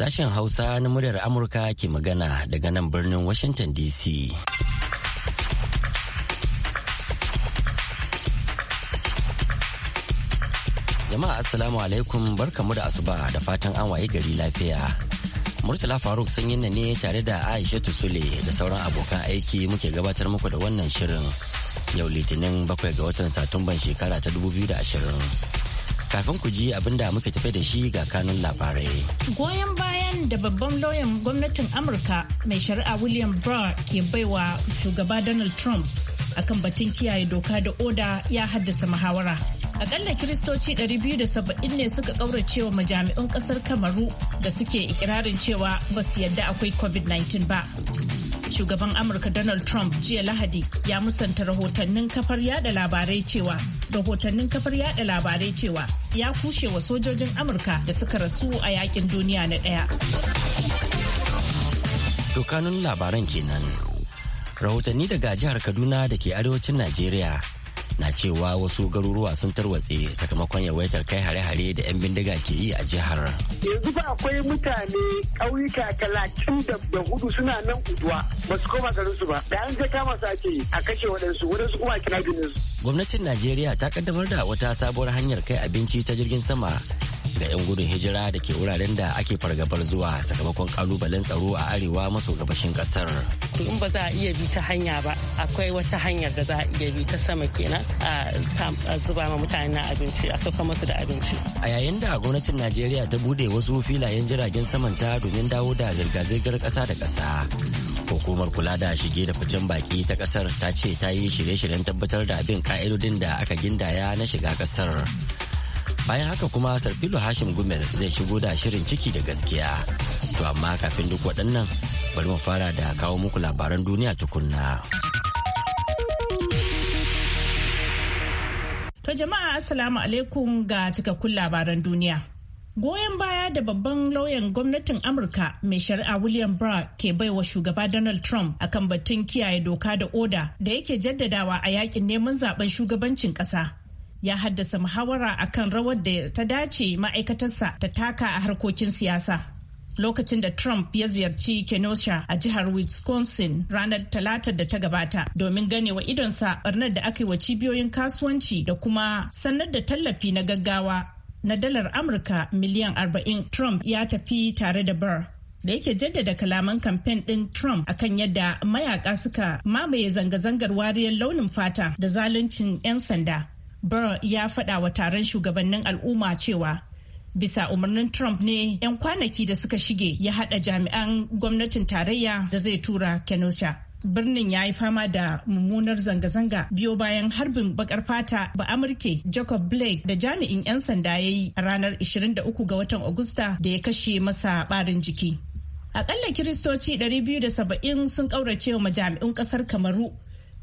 Sashen Hausa na muryar Amurka ke magana daga nan birnin Washington DC. Jama'a Assalamu alaikum barkamu da asuba da fatan an waye gari lafiya. Murtala Faruk sanyin yi ne tare da Aisha Sule da sauran abokan aiki muke gabatar muku da wannan shirin. Yau Litinin bakwai ga watan Satumban shekara ta 2020. kafin ku ji abin da muka tafi da shi ga kanun labarai. Goyon bayan da babban lauyan gwamnatin Amurka mai shari'a William Barr ke baiwa shugaba Donald Trump akan batun kiyaye doka da oda ya haddasa muhawara. Akalla kiristoci 270 ne suka kaurace wa majami'un kasar Kamaru da suke ikirarin cewa ba su yadda akwai COVID-19 ba. shugaban amurka donald trump jiya lahadi ya musanta rahotannin kafar yada labarai cewa rahotannin kafar yada labarai cewa ya kushe wa sojojin amurka da suka rasu a yakin duniya na daya dokanun labaran kenan rahotanni daga jihar kaduna da ke arewacin najeriya na cewa wasu garuruwa sun tarwatse sakamakon yawaitar kai hare-hare da 'yan bindiga ke yi a jihar. Yanzu ba akwai mutane ƙauyuka talatin da hudu suna nan kuduwa ba su koma garinsu ba. Da an kama su ake a kashe waɗansu waɗansu kuma a kira su. Gwamnatin Najeriya ta kaddamar da wata sabuwar hanyar kai abinci ta jirgin sama ga 'yan gudun hijira da ke wuraren da ake fargabar zuwa sakamakon kalubalen tsaro a arewa maso gabashin kasar. to in ba za a iya bi ta hanya ba akwai wata hanyar da za a iya bi ta sama kenan a zuba ma mutane na abinci a sauka musu da abinci a yayin da gwamnatin najeriya ta bude wasu filayen jiragen saman ta domin dawo da zirga-zirgar kasa da kasa hukumar kula da shige da ficen baki ta kasar ta ce ta yi shirye-shiryen tabbatar da bin ka'idodin da aka gindaya na shiga kasar bayan haka kuma sarfilo hashim gumel zai shigo da shirin ciki da gaskiya to amma kafin duk waɗannan bari mu fara da kawo muku labaran duniya tukunna. To jama'a assalamu alaikum ga cikakkun labaran duniya. Goyon baya da babban lauyan gwamnatin Amurka mai shari'a William Barr ke baiwa shugaba Donald Trump akan batun kiyaye doka da oda da yake jaddadawa a yakin neman zaben shugabancin kasa. Ya haddasa muhawara akan rawar da ta dace ma'aikatarsa ta taka a harkokin siyasa. lokacin da Trump ya ziyarci Kenosha a jihar Wisconsin ranar Talata da ta gabata domin ganewa idonsa barnar da aka yi wa cibiyoyin kasuwanci da kuma sanar da tallafi na gaggawa na dalar Amurka miliyan 40 Trump ya tafi tare da Burr. da yake jaddada kalaman kamfen ɗin Trump akan yadda mayaka suka mamaye zanga-zangar wariyar launin fata da zaluncin 'yan sanda. Burr ya faɗa wa taron shugabannin al'umma cewa bisa umarnin Trump ne 'yan kwanaki da suka shige ya haɗa jami'an gwamnatin tarayya da zai tura Kenosha. birnin ya yi fama da mummunar zanga-zanga biyo bayan harbin bakar fata ba amurke jacob blake da jami'in 'yan sanda ya yi a ranar 23 ga watan agusta da ya kashe masa barin jiki akalla kiristoci 270 sun kaurace wa majami'un kasar kamaru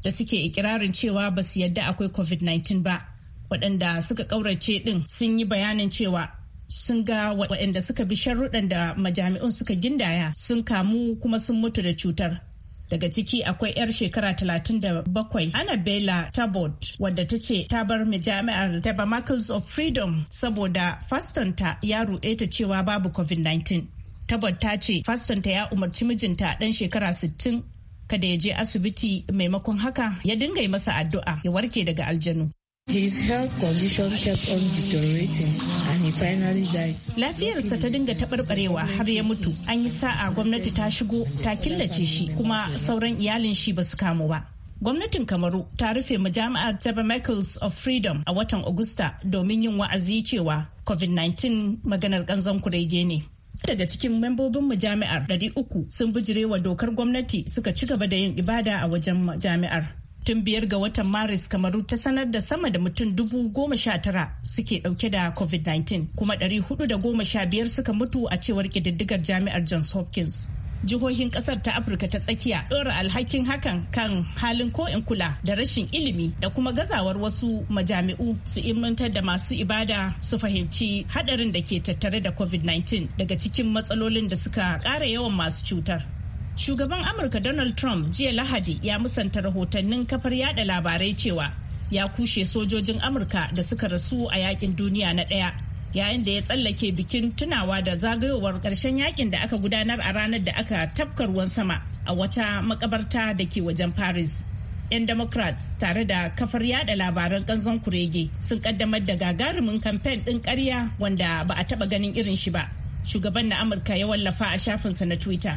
da suke ikirarin cewa ba su yadda akwai covid-19 ba waɗanda suka kaurace din sun yi bayanin cewa sun ga waɗanda suka bi sharuɗan da majami'un suka gindaya sun kamu kuma sun mutu da cutar daga ciki akwai 'yar shekara 37 annabella tabot wadda ta ce ta bar majami'ar tabernacles of freedom saboda fastonta ya ruɗe ta cewa babu covid-19 tabot ta ce fastonta ya umarci mijinta ɗan shekara 60 kada ya je asibiti maimakon haka ya dinga yi masa addu'a ya warke daga aljanu His health condition kept on deteriorating finally Lafiyarsa ta dinga taɓarɓarewa har ya mutu. An yi sa'a gwamnati ta shigo ta killace shi kuma sauran iyalin shi ba su kamu ba. Gwamnatin Kamaru ta rufe majami'ar Taba Michaels of Freedom a watan Agusta domin yin wa'azi cewa COVID-19 maganar ƙanzon kurege ne. daga cikin membobin majami'ar 300 sun bijirewa dokar gwamnati suka ci gaba da yin ibada a wajen jami'ar. tun biyar ga watan maris kamaru ta sanar da sama da mutum dubu goma sha tara suke dauke da covid-19 kuma ɗari hudu da goma sha biyar suka mutu a cewar kididdigar jami'ar johns hopkins jihohin kasar ta afirka ta tsakiya ɗora alhakin hakan kan halin ko'in kula da rashin ilimi da kuma gazawar wasu majami'u su imantar da masu ibada su fahimci hadarin da ke tattare da covid-19 daga cikin matsalolin da suka ƙara yawan masu cutar Shugaban Amurka Donald Trump jiya Lahadi ya musanta rahotannin kafar yada labarai cewa ya kushe sojojin Amurka da suka rasu a yakin duniya na daya yayin da ya tsallake bikin tunawa da zagayowar karshen yakin da aka gudanar a ranar da aka tafka ruwan sama a wata makabarta da ke wajen Paris. 'yan democrats tare da kafar yada labaran kanzon kurege sun kaddamar da gagarumin kamfen din karya wanda ba a taba ganin irin shi ba shugaban na amurka ya wallafa a shafinsa na twitter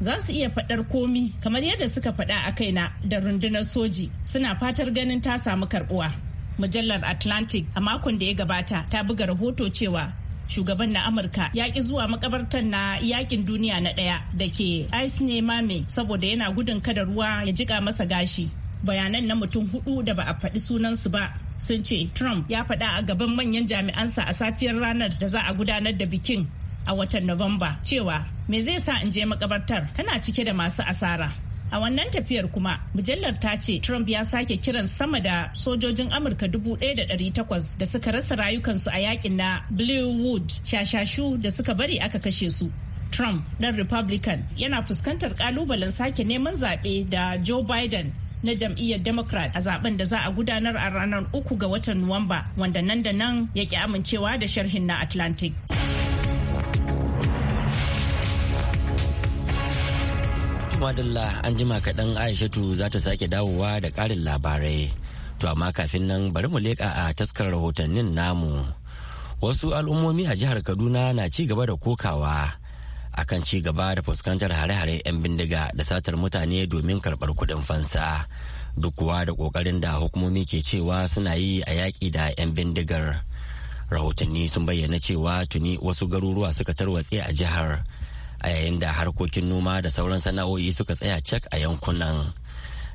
za su iya faɗar komi kamar yadda suka faɗa a kaina da rundunar soji suna fatar ganin ta samu karbuwa. Mujallar Atlantic a makon da ya gabata ta buga rahoto cewa shugaban na Amurka ya ki zuwa makabartar na yakin duniya na ɗaya da ke ne Mame saboda yana gudun kada ruwa ya jika masa gashi. Bayanan na mutum hudu da ba a faɗi sunansu ba sun ce Trump ya faɗa a gaban manyan jami'ansa a safiyar ranar da za a gudanar da bikin a watan Nuwamba cewa me zai sa in je makabartar tana cike da masu asara. A wannan tafiyar kuma mujallar ta ce Trump ya sake kiran sama da sojojin Amurka 1,800 da suka rasa rayukansu a yakin na Blue shashashu da suka bari aka kashe su. Trump ɗan Republican yana fuskantar ƙalubalen sake neman zaɓe da Joe Biden na jam'iyyar Democrat a zaben da za a gudanar a ranar uku ga watan Nuwamba wanda nan da nan ya ki amincewa da sharhin na Atlantic. madalla an jima kaɗan aishatu za ta sake dawowa da ƙarin labarai to amma kafin nan bari mu leƙa a taskar rahotannin namu wasu al'ummomi a jihar kaduna na ci gaba da kokawa akan ci gaba da fuskantar hare-hare 'yan bindiga da satar mutane domin karɓar kuɗin fansa duk kuwa da ƙoƙarin da hukumomi ke cewa suna yi a yaƙi da 'yan bindigar rahotanni sun bayyana cewa tuni wasu garuruwa suka tarwatse a jihar a yayin da harkokin noma da sauran sana'o'i suka tsaya cak a yankunan.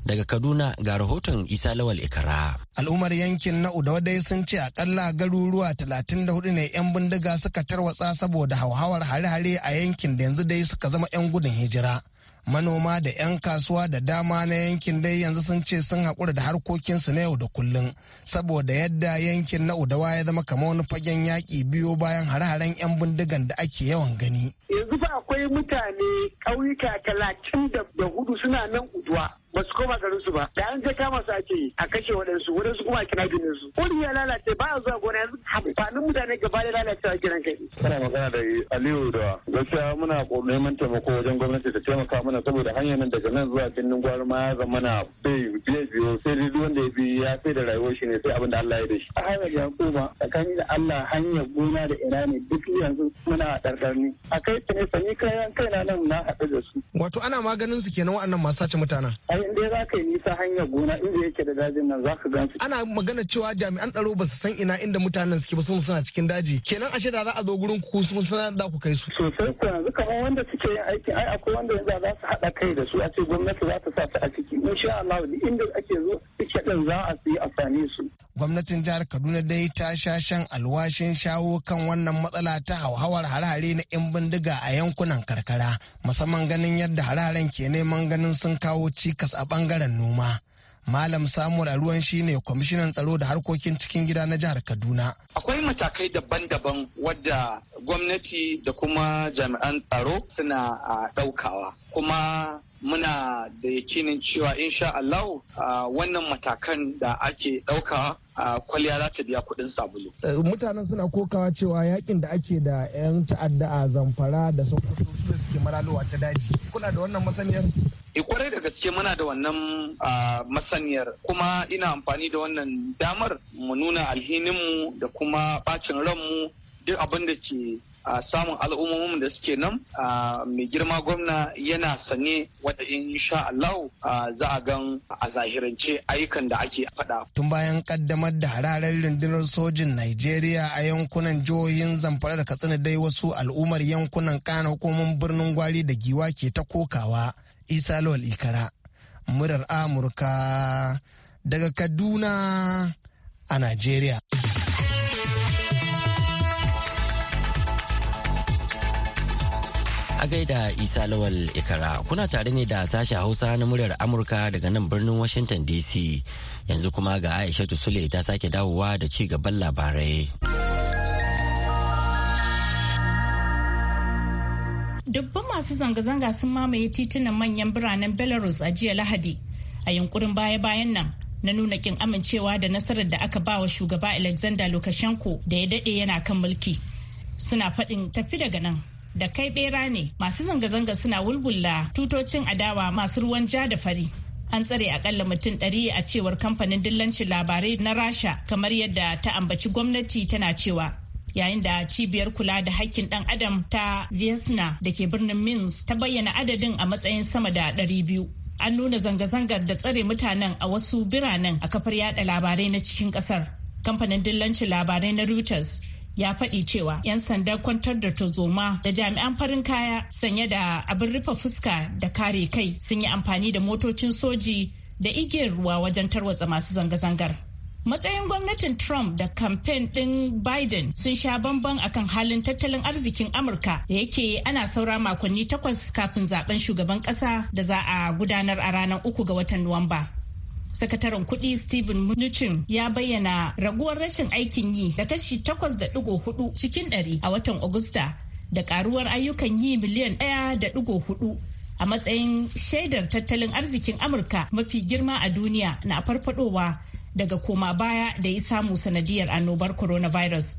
Daga Kaduna ga rahoton Isa Lawal Ikara. Al'ummar yankin na Udawadai sun ce akalla garuruwa 34 ne 'yan bindiga suka tarwatsa saboda hauhawar hare-hare a yankin da yanzu dai suka zama 'yan gudun hijira. manoma da 'yan kasuwa da dama na yankin dai yanzu sun ce sun haƙura da harkokinsu na yau da kullum saboda yadda yankin na udawa ya zama kama wani fagen yaƙi biyo bayan hare-haren 'yan bindigan da ake yawan gani yanzu ba akwai mutane ƙauyuka talatin da hudu suna nan uduwa ba su koma garin su ba da an je kama su ake yi a kashe waɗansu waɗansu kuma a kira ginin su wani ya lalace ba a zuwa gona yanzu amfanin mutane gaba da a kiran kai. kana magana da aliyu da gaskiya muna neman taimako wajen gwamnati ta taimaka mana saboda hanyar nan daga nan zuwa birnin gwari ma ya na bai biye biyo sai dai wanda ya bi ya sai da rayuwar shi ne sai abin da Allah ya da shi. a hanyar yakuba tsakanin da Allah hanyar gona da ina ne duk yanzu muna ɗarɗarni a kai ta sami kayan kayan kaina nan na haɗu da su. wato ana maganin su kenan waɗannan masu sace mutanen. in dai za ka yi nisa hanyar gona inda yake da dajin nan za ka gan su. Ana magana cewa jami'an tsaro ba su san ina inda mutanen suke ba sun suna cikin daji. Kenan ashe da za a zo gurin ku sun suna da ku kai su. Sosai ku yanzu kamar wanda suke yin aikin ai akwai wanda yanzu za su haɗa kai da su a ce gwamnati za ta sa su a ciki. Insha Allah duk inda ake zo suke ɗin za a yi a same su. Gwamnatin jihar Kaduna dai ta sha shan alwashin shawo kan wannan matsala ta hauhawar harare na 'yan bindiga a yankunan karkara musamman ganin yadda hararen ke neman ganin sun kawo cikas a bangaren noma. Malam Samuel ruwan ne kwamishinan tsaro da harkokin cikin gida na jihar Kaduna. Akwai matakai daban-daban wadda gwamnati da kuma jami'an tsaro suna ah, ɗaukawa. Kuma muna da yakinin cewa in insha Allah wannan matakan da ake ɗauka kwalliya za ta biya kuɗin sabulu. Eh, mutanen suna kokawa cewa yakin da ake da 'yan ta'adda a zamfara da sokoto su suke maralowa ta daji. Kuna da wannan masaniyar? E kwarai da gaske muna da wannan masaniyar kuma ina amfani da wannan damar mu nuna alhininmu da kuma bacin ranmu duk abin da ke a samun al'ummomin da suke nan a mai girma gwamna yana sane wata sha Allah za a gan a zahirance ayyukan da ake faɗa. Tun bayan kaddamar da hararen rundunar sojin Najeriya a yankunan jihohin Zamfara da Katsina dai wasu al'ummar yankunan kana hukumar birnin Gwari da Giwa ke ta kokawa. Isa Lawal Ikara, murar Amurka daga Kaduna a Najeriya. A gaida Isa Lawal Ikara kuna tare ne da sashe Hausa na muryar Amurka daga nan birnin Washington DC. Yanzu kuma ga Aishatu Sule ta sake dawowa da ci gaban labarai. Dubban masu zanga-zanga sun mamaye titunan manyan biranen Belarus a jiya Lahadi a yunkurin baya-bayan nan na nuna kin amincewa da nasarar da aka ba wa shugaba Alexander Lukashenko da ya daɗe yana kan mulki. Suna faɗin tafi daga nan da kai bera ne masu zanga-zanga suna wulwula tutocin adawa masu ruwan ja da fari an tsare akalla mutum ɗari a cewar kamfanin dillancin labarai na rasha kamar yadda ta ambaci gwamnati tana cewa yayin da cibiyar kula da hakkin ɗan adam ta vesna da ke birnin minsk ta bayyana adadin a matsayin sama da ɗari biyu an nuna zanga-zangar da tsare mutanen a wasu biranen a kafar yada labarai na cikin ƙasar kamfanin dillancin labarai na reuters ya faɗi cewa 'yan sandan kwantar da tozoma da jami'an farin kaya sanye da abin rufe fuska da kare kai sun yi amfani da motocin soji da igiyar ruwa wajen tarwatsa masu zanga-zangar. Matsayin gwamnatin Trump da kamfen ɗin Biden sun sha bamban akan halin tattalin arzikin Amurka da yake ana saura makonni takwas kafin zaben shugaban ƙasa da za a gudanar a ranar uku ga watan Nuwamba. sakataren kuɗi Steven Mnuchin ya bayyana raguwar rashin aikin yi da kashi 8.4 cikin 100 a watan Agusta da karuwar ayyukan yi miliyan 1.4 a matsayin shaidar tattalin arzikin Amurka mafi girma a duniya na farfadowa daga koma baya da ya samu sanadiyar annobar coronavirus.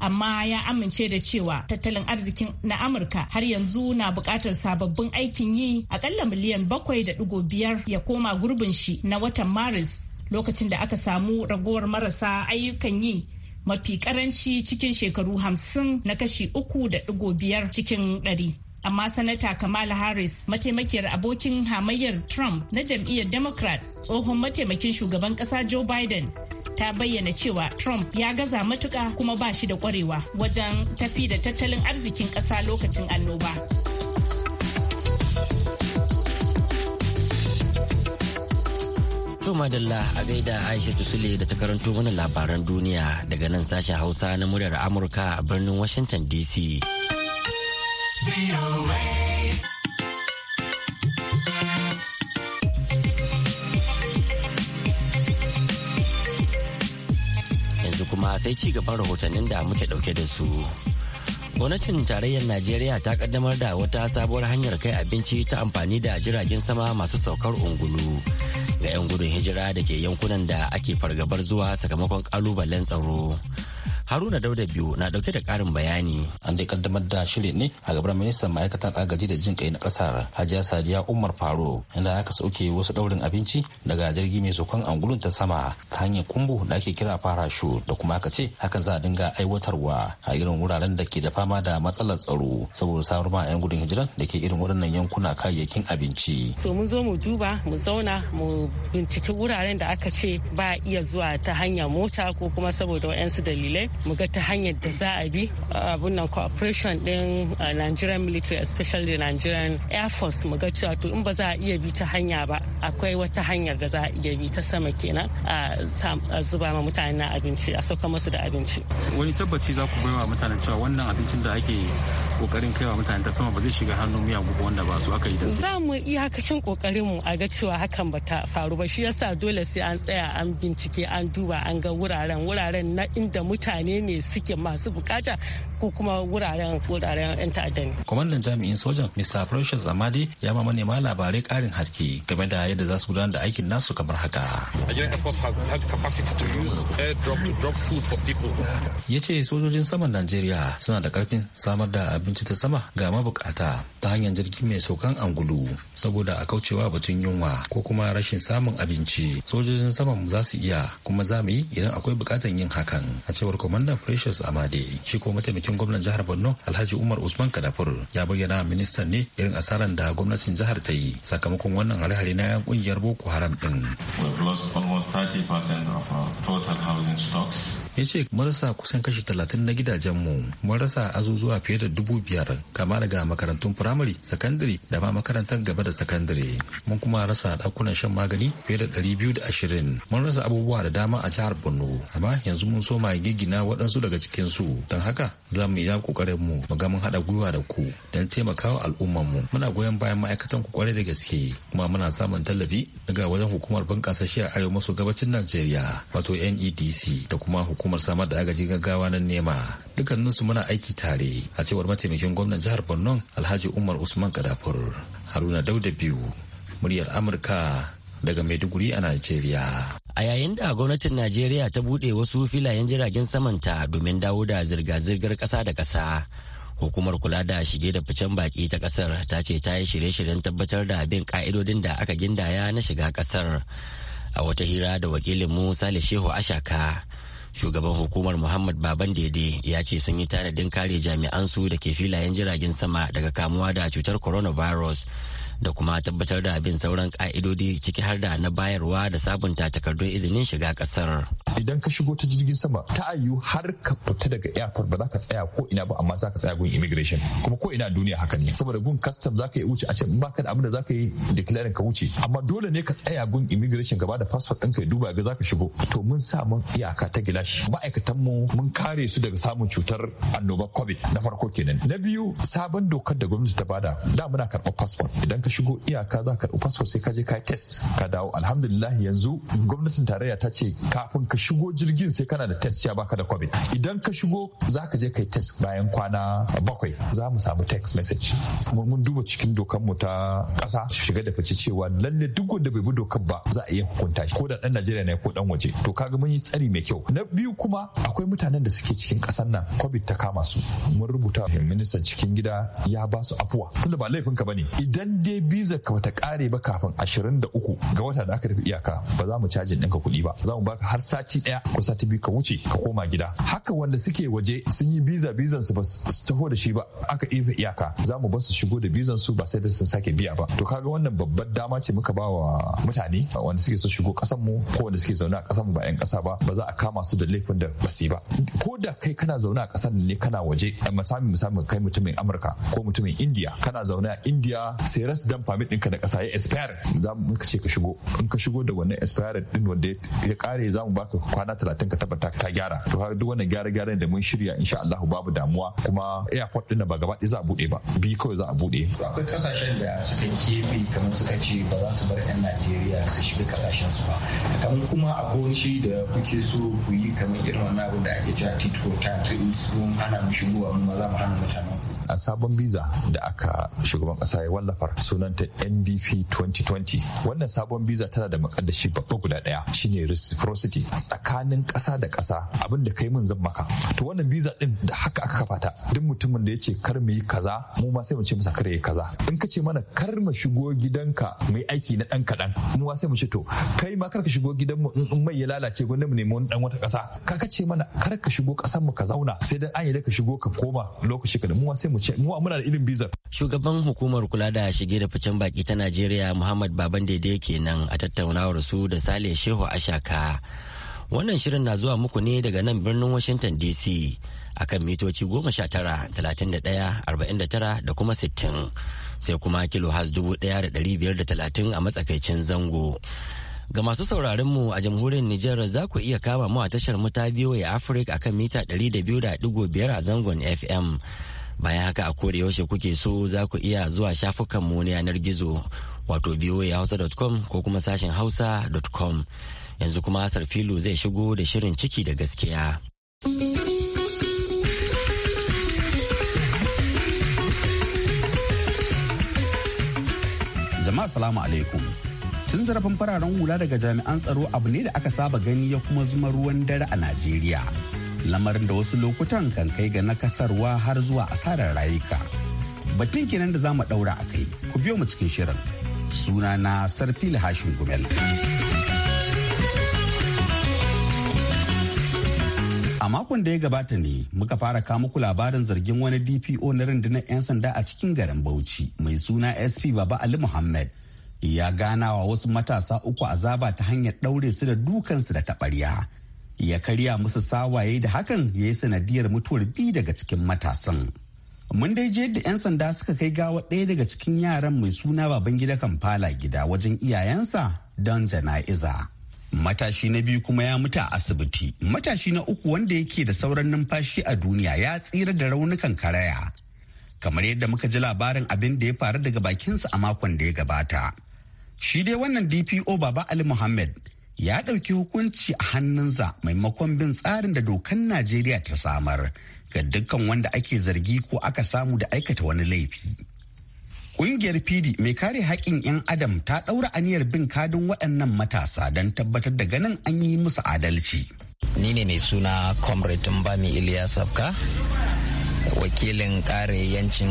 amma ya amince da cewa tattalin arzikin na amurka har yanzu na bukatar sababbin aikin yi akalla miliyan bakwai da digo biyar ya koma gurbin shi na watan maris lokacin da aka samu ragowar marasa ayyukan yi mafi karanci cikin shekaru hamsin na kashi uku da digo biyar cikin dari. amma sanata kamala harris mataimakiyar abokin hamayyar trump na jam'iyyar democrat tsohon mataimakin shugaban ƙasa joe biden ta bayyana cewa Trump ya gaza matuka kuma ba shi da kwarewa wajen tafi da tattalin arzikin ƙasa lokacin annoba. To madalla a gaida Aisha Sule da ta karanto mana labaran duniya daga nan sashen Hausa na muryar Amurka a birnin Washington DC. anjima sai ci gaban rahotannin da muke dauke da su. Gwamnatin tarayyar Najeriya ta kaddamar da wata sabuwar hanyar kai abinci ta amfani da jiragen sama masu saukar ungulu ga 'yan gudun hijira da ke yankunan da ake fargabar zuwa sakamakon kalubalen tsaro. Haruna Dauda biyu na dauke da karin bayani. An dai kaddamar da shirin ne a gabar ministan ma'aikatan agaji da jin kai na kasar Hajiya Sadiya Umar Faro inda aka sauke wasu daurin abinci daga jirgi mai sokon angulun ta sama ta hanyar kumbu da ake kira farashu da kuma aka ce hakan za a dinga aiwatarwa a irin wuraren da ke da fama da matsalar tsaro saboda samar ma 'yan gudun hijiran da ke irin waɗannan yankuna kayayyakin abinci. So mun zo mu duba mu zauna mu binciki wuraren da aka ce ba iya zuwa ta hanyar mota ko kuma saboda wayansu dalilai mu ga ta hanyar da za a bi abun nan cooperation din Nigerian military especially Nigerian Air Force mu ga cewa to in ba za a iya bi ta hanya ba akwai wata hanyar da za a iya bi ta sama kenan a zuba ma mutane na abinci a sauka musu da abinci wani tabbaci za ku baiwa mutane cewa wannan abincin da ake kokarin kaiwa mutane ta sama ba zai shiga hannun gugu wanda ba su aka yi da su. Za mu iya kokarin mu a ga cewa hakan ba ta faru ba shi yasa dole sai an tsaya an bincike an duba an ga wuraren wuraren na inda mutane wane ne suke masu bukata ko kuma wuraren wuraren 'yan ta'adda ne. Kwamandan jami'in sojan Mr. Precious Amade ya ma manema labarai karin haske game da yadda za su gudanar da aikin nasu kamar haka. Ya ce sojojin saman Najeriya suna da karfin samar da abinci ta sama ga mabukata ta hanyar jirgi mai saukan angulu saboda a kaucewa batun yunwa ko kuma rashin samun abinci. Sojojin saman za su iya kuma za mu yi idan akwai bukatan yin hakan a cewar kwamandan kwamanda precious amade shi ko mataimakin gwamnan jihar borno alhaji umar usman kadafur ya bayyana ministan ne irin asaran da gwamnatin jihar ta yi sakamakon wannan hare-hare na yan kungiyar boko haram din. We've lost almost 30% of our total housing stocks. ya ce marasa kusan kashi talatin na gidajenmu mun rasa azuzuwa fiye da dubu biyar kama daga makarantun firamare sakandare da ma makarantar gaba da sakandare mun kuma rasa ɗakunan shan magani fiye da ɗari biyu da ashirin mun rasa abubuwa da dama a jihar borno amma yanzu mun so ma gigina waɗansu daga cikinsu don haka za mu iya kokarin mu mu ga mun haɗa gwiwa da ku don taimakawa al'ummarmu muna goyon bayan ma'aikatan ku kwarai da gaske kuma muna samun tallafi daga wajen hukumar bunƙasa shi a arewa maso gabacin najeriya wato nedc da kuma hukumar hukumar samar da agaji gaggawa na nema su muna aiki tare a cewar mataimakin gwamnan jihar borno alhaji umar usman kadafur haruna dauda biyu muryar amurka daga maiduguri a najeriya a yayin da gwamnatin najeriya ta buɗe wasu filayen jiragen samanta domin dawo da zirga-zirgar ƙasa da ƙasa hukumar kula da shige da ficen baki ta kasar ta ce ta yi shirye-shiryen tabbatar da bin ka'idodin da aka gindaya na shiga kasar a wata hira da wakilin mu sale shehu ashaka shugaban hukumar muhammad baban dede ya ce sun yi tanadin kare jami'an su da ke filayen jiragen sama daga kamuwa da cutar coronavirus da kuma tabbatar da bin sauran ka'idodi ciki har da na bayarwa da sabunta takardun izinin shiga kasar. Idan ka shigo ta jirgin sama ta ayu har ka fita daga airport ba za ka tsaya ko ina ba amma za ka tsaya gun immigration kuma ko ina duniya haka ne saboda gun custom za ka yi wuce a ce ba ka da abin da za ka yi declaring ka wuce amma dole ne ka tsaya gun immigration gaba da passport ɗinka ya duba ga za ka shigo to mun sa mun iyaka ta gilashi ma'aikatan mu mun kare su daga samun cutar annoba covid na farko kenan na biyu sabon dokar da gwamnati ta bada da muna karɓar passport idan ka shigo iyaka za ka fasfo sai ka je ka test ka dawo alhamdulillah yanzu gwamnatin tarayya ta ce kafin ka shigo jirgin sai kana da test ya baka da covid idan ka shigo za ka je ka test bayan kwana bakwai za mu samu text message mun duba cikin dokan mu ta kasa shiga da fice cewa lalle duk wanda bai bi dokar ba za a iya hukunta shi ko da dan Najeriya ne ko dan waje to kaga mun yi tsari mai kyau na biyu kuma akwai mutanen da suke cikin kasan nan covid ta kama su mun rubuta ministan cikin gida ya ba su afuwa tunda ba laifinka ka bane idan dai dai biza ka bata kare ba kafin 23 ga wata da aka tafi iyaka ba za mu cajin ɗinka kuɗi ba za mu baka har sati ɗaya ko sati biyu ka wuce ka koma gida haka wanda suke waje sun yi biza bizan su ba su taho da shi ba aka ifa iyaka za mu ba su shigo da bizan su ba sai da sun sake biya ba to kaga wannan babbar dama ce muka ba wa mutane wanda suke so shigo ƙasar mu ko wanda suke zaune a ƙasar mu ba 'yan ƙasa ba ba za a kama su da laifin da ba su ba ko da kai kana zaune a ƙasar ne kana waje misali misali kai mutumin Amurka ko mutumin Indiya kana zaune a Indiya sai ras dan permit ɗinka da ƙasa ya expire za mu ka ce ka shigo in ka shigo da wannan expire din wanda ya kare za mu baka kwana talatin ka tabbata ka gyara to har duk wannan gyara gyara da mun shirya insha Allah babu damuwa kuma airport din ba gaba ɗaya za a buɗe ba bi kawai za a buɗe akwai kasashen da suka kebe kamar suka ce ba za su bar 'yan Najeriya su shiga kasashen su ba kamar kuma abinci da kuke so ku yi kamar irin wannan abin da ake cewa tit for tat in sun hana mu shigowa mu ma za mu hana mutanen a sabon biza da aka shugaban kasa ya wallafa sunanta NBP 2020 wannan sabon biza tana da makaddashi babba guda daya shine reciprocity tsakanin kasa da kasa abin da kai mun zan maka to wannan biza din da haka aka kafa ta duk mutumin da yace kar mu yi kaza mu ma sai mu ce masa kar yi kaza in ka ce mana kar mu shigo gidanka mu yi aiki na dan kadan mu ma sai mu ce to kai ma kar ka shigo gidanmu in mai ya lalace gwanda mu nemi wani dan wata kasa ka ce mana kar ka shigo kasan mu ka zauna sai dan an yi da ka shigo ka koma lokaci ka da mu ma sai mu mu mu muna da irin biza shugaban hukumar kula da shige da ficen baki ta Najeriya Muhammad Baban Daidai kenan a tattaunawar su da Sale Shehu Ashaka wannan shirin na zuwa muku ne daga nan birnin Washington DC akan mitoci 19 31 49 da kuma 60 sai kuma kilo has 1530 a matsakaicin zango Ga masu sauraron mu a jamhuriyar Nijar za ku iya kama mu a tashar mu ta VOA Africa akan mita 200.5 a zangon FM. bayan haka a kore yaushe kuke so za ku iya zuwa shafukanmu na yanar gizo wato voahausa.com ko kuma sashen hausa.com yanzu kuma filo zai shigo da shirin ciki da gaskiya. jama'a salamu alaikum cin zarafin fararen hula daga jami'an tsaro abu ne da aka saba gani ya kuma zuma ruwan dare a najeriya lamarin da wasu lokutan kan kai ga nakasarwa har zuwa asarar rayuka batun kenan da za mu ɗaura a kai ku biyo mu cikin shirin suna na sarfi hashin gumel a makon da ya gabata ne muka fara muku labarin zargin wani dpo na rundunar 'yan sanda a cikin garin bauchi mai suna sp baba ali muhammad ya ganawa wasu matasa uku azaba ta hanyar ɗaure su da dukansu da taɓarya ya karya musu sawaye da hakan ya yi sanadiyar mutuwar biyu daga cikin matasan. Mun dai je da 'yan sanda suka kai gawa ɗaya daga cikin yaran mai suna baban gida Kamfala gida wajen iyayensa don jana'iza. Matashi na biyu kuma ya mutu a asibiti. Matashi na uku wanda yake da sauran numfashi a duniya ya tsira da raunukan karaya. Kamar yadda muka ji labarin abin da ya faru daga bakinsa a makon da ya gabata. Shi dai wannan DPO Baba Ali Muhammad ya ɗauki hukunci a hannunsa maimakon bin tsarin da dokan Najeriya ta samar ga dukkan wanda ake zargi ko aka samu da aikata wani laifi. Ƙungiyar PD mai kare haƙƙin 'yan Adam ta ɗaura aniyar bin kadin waɗannan matasa don tabbatar da ganin an yi musu adalci. Ni ne mai suna Comrade Mbami Iliya Sabka, wakilin kare yancin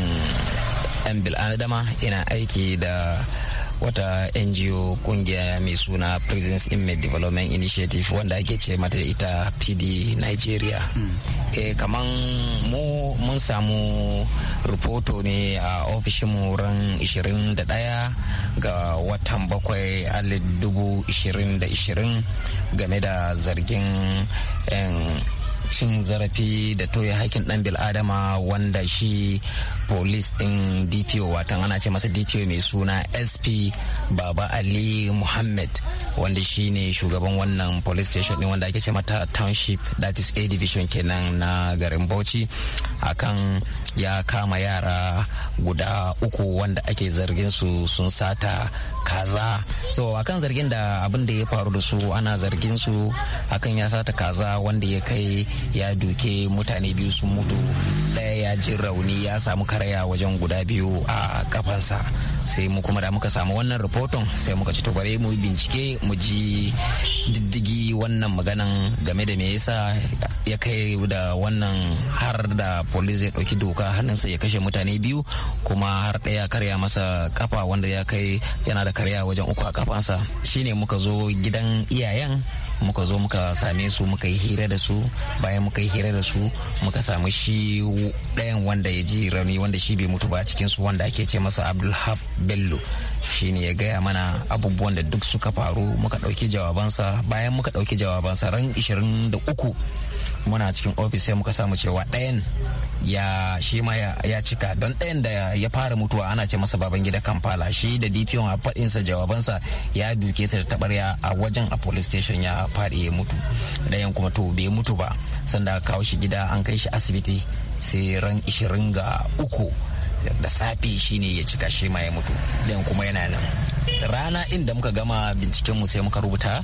'yan bil'adama ina aiki da wata ngo kungiya mai suna prisons inmate development initiative wanda ake ce mata ita pd nigeria e, kaman mu mun samu rupoto ne a ofishin ofishinmu ran 21 ga watan bakwai alif dubu 2020 game da zargin cin zarafi da toye hakin dan bil'adama wanda shi polis din dpo watan ana ce masa dpo mai suna sp baba ali muhammad wanda shi ne shugaban wannan police station din wanda ake ce mata township that is a division kenan na garin bauchi akan ya kama yara guda uku wanda ake zargin su sun sata kaza so akan zargin da abin da ya faru da su ana zargin su akan ya sata kaza wanda ya kai ya duke mutane biyu sun mutu daya ya ji rauni ya samu karaya wajen guda biyu a kafansa sai mu kuma da muka samu wannan rahoton sai muka ci bare mu bincike mu ji diddigi wannan maganan game da me yasa ya kai da wannan har da police ya dauki doka hannunsa ya kashe mutane biyu kuma har ɗaya karya masa kafa wanda ya kai yana da karya wajen uku a kafansa shine muka zo gidan iyayen muka zo muka same su muka yi hira da su bayan muka yi hira da su muka samu shi ɗayan wanda ya ji rauni wanda shi bai mutu ba cikin su wanda ake ce masa abdulhab bello shi ne ya gaya mana abubuwan da duk suka faru muka ɗauki jawabansa bayan muka ɗauki jawabansa ran 23 muna cikin ofis sai muka samu cewa ɗayan ya shi ma ya cika don ɗayan da ya fara mutuwa ana ce masa baban gida kamfala shi da dpo a faɗinsa jawabansa ya duke sa da tabarya a wajen a police station ya faɗi ya mutu ɗayan kuma to bai mutu ba sanda kawo shi gida an kai shi asibiti sai ran ishirin ga uku da safe shine ya cika shi ma ya mutu ɗayan kuma yana nan rana inda muka gama bincikenmu sai muka rubuta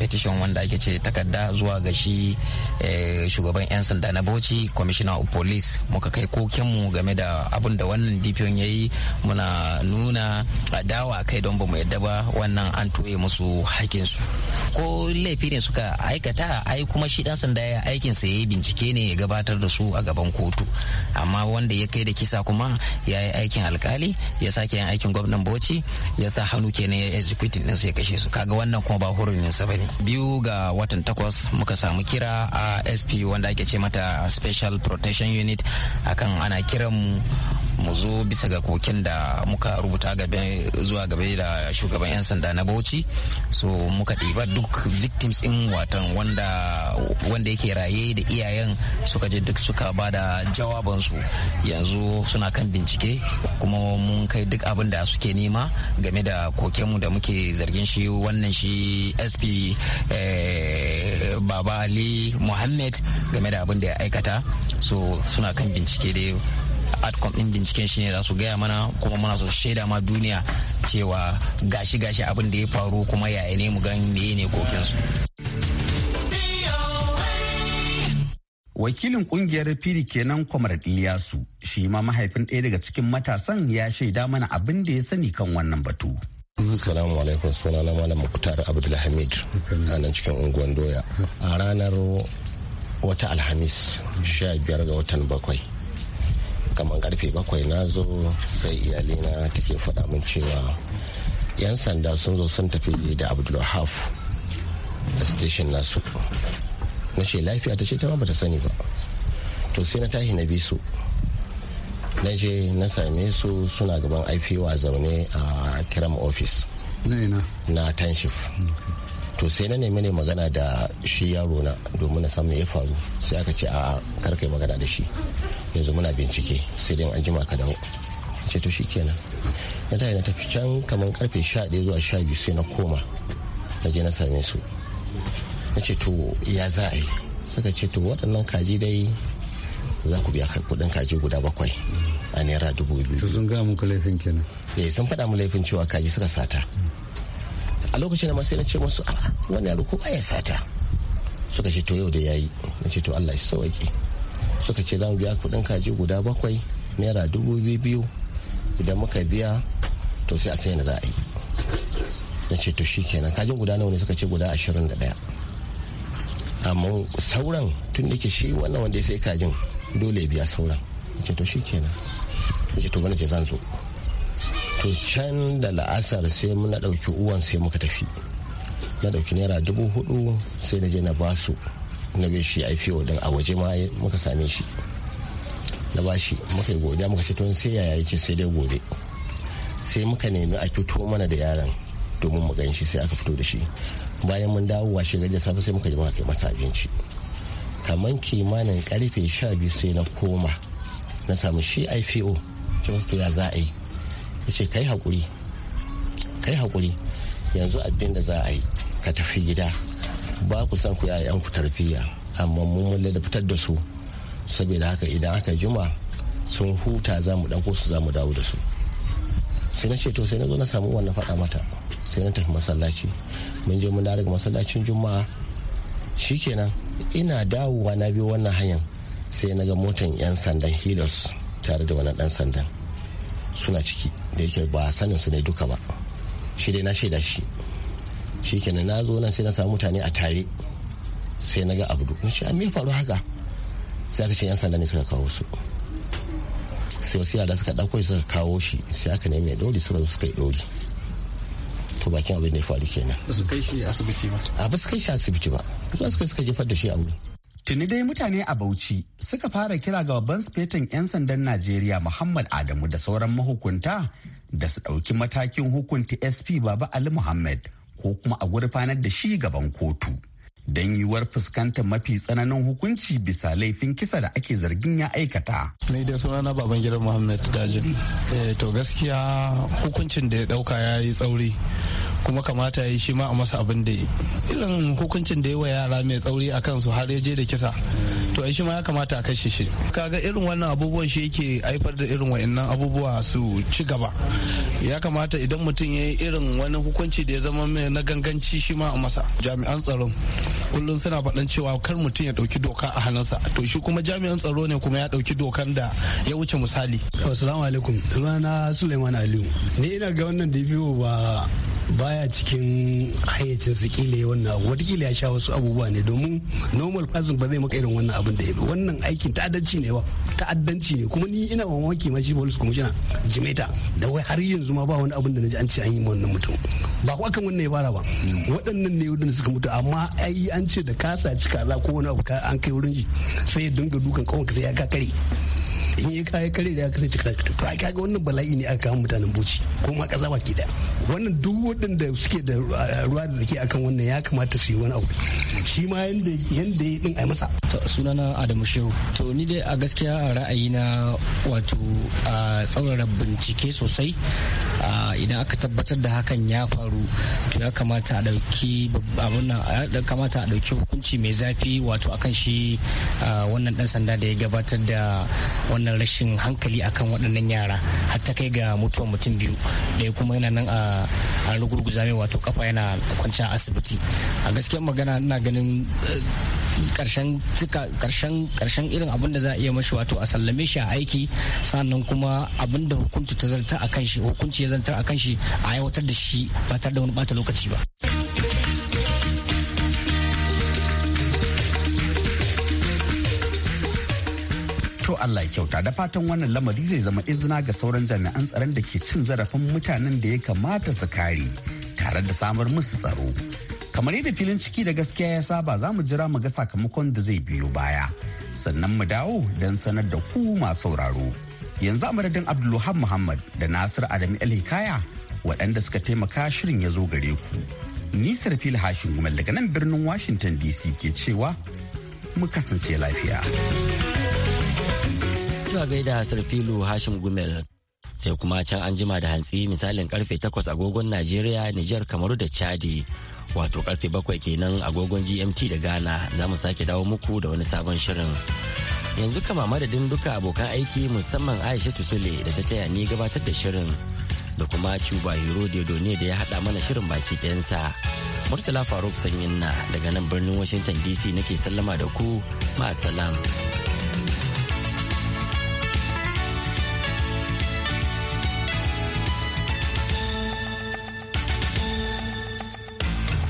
petition wanda ake ce takarda zuwa ga shi eh, shugaban 'yan sanda na bauchi commissioner of police muka kai kokenmu game da abin da wannan dpn ya yi muna nuna adawa kai don ba mu yadda ba wannan an toye musu hakinsu ko laifi ne suka aikata ai kuma shi dan sanda ya aikinsa ya yi bincike ne ya gabatar da su a gaban kotu amma wanda ya kai da kisa kuma ya yi aikin alkali ya sake yin aikin gwamnan bauchi ya sa hannu kenan ya executive din su ya kashe su kaga wannan kuma ba hurumin sa bane biyu ga watan takwas muka samu kira a sp wanda ake ce mata special protection unit akan ana kiran mu mu zo bisa ga koken da muka rubuta zuwa gabe da shugaban 'yan sanda na bauchi so muka ɗiba duk victims in watan wanda wanda yake raye da iyayen suka je duk suka ba da jawabansu yanzu suna kan bincike kuma mun kai duk abin da suke nema game da kokenmu da muke zargin shi wannan shi sp eh, baba ali muhammad game da abin da ya aikata so suna kan bincike dai atcom din binciken shi ne za su gaya mana kuma muna so shaida ma duniya cewa gashi gashi abin da ya faru kuma yaya ne mu gan meye ne su wakilin kungiyar fili kenan kwamar iliyasu shi ma mahaifin ɗaya daga cikin matasan ya shaida mana abin da ya sani kan wannan batu Salamu alaikum suna na malam Mukhtar Abdulhamid a nan cikin unguwan doya a ranar wata alhamis 15 ga watan bakwai kamar karfe bakwai na zo sai iyalina take faɗa min cewa 'yan sanda sun zo sun tafi da abdulhaf a station nasu na ce lafiya ta ce ta ba bata sani ba to sai na tahi na bi su na je na same su suna gaban aifewa zaune a kiram office na tanshif to sai na nemi ne magana da shi yaro na domin na san me ya faru sai aka ce a kar kai magana da shi yanzu muna bincike sai dai an jima ka dawo ce to kenan na tafi na tafi can kamar karfe 11 zuwa 12 sai na koma na je na same su na ce to ya za a yi suka ce to waɗannan kaji dai za ku biya kuɗin kaji guda bakwai a naira dubu biyu. To sun ga muku laifin kenan. eh sun faɗa mu laifin cewa kaji suka sata a lokacin da masu na ce masu a wani yaro ko baya sata suka ce to yau da yayi na ce to Allah shi sauki suka ce za mu biya kuɗin kaji guda bakwai naira dubu biyu biyu idan muka biya to sai a sai na za a yi na ce to shi kenan kajin guda nawa ne suka ce guda ashirin da ɗaya amma sauran tun da ke shi wannan wanda ya sai kajin dole biya sauran na ce to shi kenan na ce to bana ce zan zo to can da la'asar sai muna ɗauki uwan sai muka tafi na ɗauki naira dubu hudu sai na je na su na bai shi aifiyo din a waje ma muka same shi na bashi muka yi godiya muka ce tun sai yaya ce sai dai gobe sai muka nemi a fito mana da yaron domin mu gan shi sai aka fito da shi bayan mun dawo washe gari da safe sai muka je muka kai masa abinci kamar kimanin karfe sha biyu sai na koma na samu shi ipo ce ya za a yi ya ce kai haƙuri kai haƙuri yanzu abin da za a yi ka tafi gida ba ku san ku yayan ku tarfiya amma mun da fitar da su saboda haka idan aka juma sun huta za mu ɗauko su za mu dawo da su sai na ce to sai na zo na samu wannan faɗa mata sai na tafi masallaci mun je mun dawo masallacin juma'a shikenan ina dawowa na biyo wannan hanyar sai na ga motan 'yan sandan hilos tare da wani dan sandan suna ciki da yake ba sanin su ne duka ba shi dai na shaida shi shi kenan na zo nan sai na samu mutane a tare sai na ga abdu na ce ah, me faru haka sai aka ce yan sanda ne suka kawo su sai wasu yada suka ɗauko suka kawo shi sai aka nemi mai ɗori suka zo suka yi ɗori to bakin abin da ya faru kenan ba su kai shi asibiti ba a ba su kai shi asibiti ba su suka suka jefar da shi a wuri Tuni dai mutane a Bauchi suka fara kira ga babban sifetin 'yan sandan Najeriya Muhammad Adamu da sauran mahukunta da su ɗauki matakin hukunta SP Baba Ali Muhammad ko kuma a gurfanar da shi gaban kotu. Don yiwuwar fuskantar mafi tsananin hukunci bisa laifin kisa da ake zargin ya aikata. Ni dai sunana baban gidan Muhammad Dajin. Eh, to gaskiya hukuncin da ya ɗauka ya yi tsauri. kuma kamata ya shi ma a masa abin da irin hukuncin da yawa yara mai tsauri a kansu har ya je da kisa to ai shi ma ya kamata a kashe shi kaga irin wannan abubuwan shi yake haifar da irin wa'annan abubuwa su ci gaba ya kamata idan mutum ya yi irin wani hukunci da ya zama mai na ganganci shi ma a masa jami'an tsaron kullum suna faɗan cewa kar mutum ya ɗauki doka a hannunsa to shi kuma jami'an tsaro ne kuma ya ɗauki dokan da ya wuce misali assalamu alaikum sunana suleiman aliyu ni ina ga wannan dibiyo ba baya cikin hayyacin su kila wannan watakila ya sha wasu abubuwa ne domin normal person ba zai maka irin wannan abin da ya bi wannan aikin ta'addanci ne ba ta'addanci ne kuma ni ina mamaki ma shi police commissioner jimeta da wai har yanzu ma ba wani abin da naji an ce an yi wannan mutum ba ko akan wannan ya fara ba waɗannan ne wadanda suka mutu amma ai an ce da kasa cika za ko wani abu an kai wurin ji sai ya dinga dukan kawai sai ya kakare in yi kaya kare da aka sai cika to ai ga wannan bala'i ne aka kama mutanen buci ko ma kasa baki da wannan duk waɗanda suke da ah, ruwa da zaki akan wannan ya kamata su yi wani abu shi ma yanda yanda ya din ai masa sunana Adamu Shehu to ni dai a gaskiya a na wato a tsaurara bincike sosai idan aka tabbatar da hakan ya faru to ya kamata a dauki ya kamata a dauki hukunci mai zafi wato akan shi wannan dan sanda da ya gabatar da wannan wannan rashin hankali akan waɗannan yara har ta kai ga mutuwar mutum biyu ɗaya kuma yana nan a rugurguza mai wato kafa yana kwanciya a asibiti a gaskiyar magana ina ganin karshen eh, karshen irin abin da za a iya mashi wato a sallame shi a aiki sannan kuma abin da hukunci ta zartar akan shi hukunci ya zartar akan shi a aiwatar da shi ba tare da wani bata lokaci ba To Allah kyauta da fatan wannan lamari zai zama izina ga sauran jami'an tsaron da ke cin zarafin mutanen da ya kamata su kare tare da samar musu tsaro. Kamar yadda filin ciki da gaskiya ya saba za mu jira mu ga sakamakon da zai biyo baya. Sannan mu dawo don sanar da ku masu sauraro. Yanzu amadadin madadin Abdulluhan Muhammad da Nasir el Alhikaya waɗanda suka taimaka shirin ya zo gare ku. Ni Sarfil Hashin gumal daga nan birnin Washington DC ke cewa mu kasance lafiya. Tuwa gaida Sarfilu Hashim Gumel sai kuma can an jima da hantsi misalin karfe 8 agogon Najeriya, Nijar, Kamaru da Chadi. Wato karfe 7 kenan agogon GMT da Ghana za mu sake dawo muku da wani sabon shirin. Yanzu kama madadin duka abokan aiki musamman Aisha Tusule da ta taya ni gabatar da shirin da kuma Cuba Hero ne da ya haɗa mana shirin baki ɗayansa. Murtala Faruk Sanyin na daga nan birnin Washington DC nake sallama da ku, salam.